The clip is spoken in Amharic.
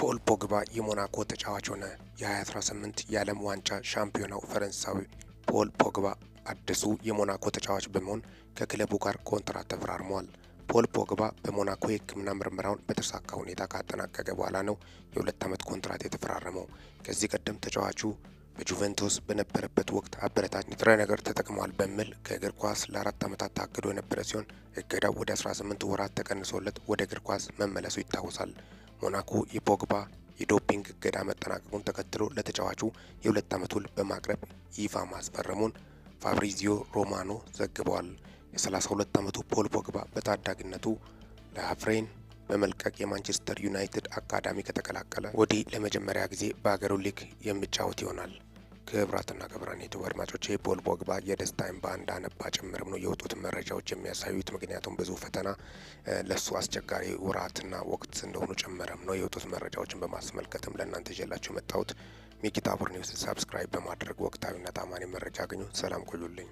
ፖል ፖግባ የሞናኮ ተጫዋች ሆነ። የ2018 የዓለም ዋንጫ ሻምፒዮናው ፈረንሳዊ ፖል ፖግባ አዲሱ የሞናኮ ተጫዋች በመሆን ከክለቡ ጋር ኮንትራት ተፈራርመዋል። ፖል ፖግባ በሞናኮ የሕክምና ምርመራውን በተሳካ ሁኔታ ካጠናቀቀ በኋላ ነው የሁለት ዓመት ኮንትራት የተፈራረመው። ከዚህ ቀደም ተጫዋቹ በጁቬንቱስ በነበረበት ወቅት አበረታች ንጥረ ነገር ተጠቅሟል በሚል ከእግር ኳስ ለአራት ዓመታት ታግዶ የነበረ ሲሆን እገዳው ወደ 18 ወራት ተቀንሶለት ወደ እግር ኳስ መመለሱ ይታወሳል። ሞናኮ የፖግባ የዶፒንግ እገዳ መጠናቀቁን ተከትሎ ለተጫዋቹ የሁለት ዓመት ውል በማቅረብ ይፋ ማስፈረሙን ፋብሪዚዮ ሮማኖ ዘግበዋል። የ32 ዓመቱ ፖል ፖግባ በታዳጊነቱ ለሀፍሬን በመልቀቅ የማንቸስተር ዩናይትድ አካዳሚ ከተቀላቀለ ወዲህ ለመጀመሪያ ጊዜ በአገሩ ሊግ የሚጫወት ይሆናል። ክብራትና ክብራን ዩቱብ አድማጮች የፖል ፖግባ የደስታ እንባ እንዳነባ ጭምርም ነው የወጡት መረጃዎች የሚያሳዩት። ምክንያቱም ብዙ ፈተና ለሱ አስቸጋሪ ውራትና ወቅት እንደሆኑ ጭምርም ነው የወጡት መረጃዎችን በማስመልከትም ለእናንተ ይዤላችሁ የመጣሁት ሚኪታቡር ኒውስ። ሰብስክራይብ በማድረግ ወቅታዊና ታማኒ መረጃ አገኙ ሰላም ቆዩልኝ።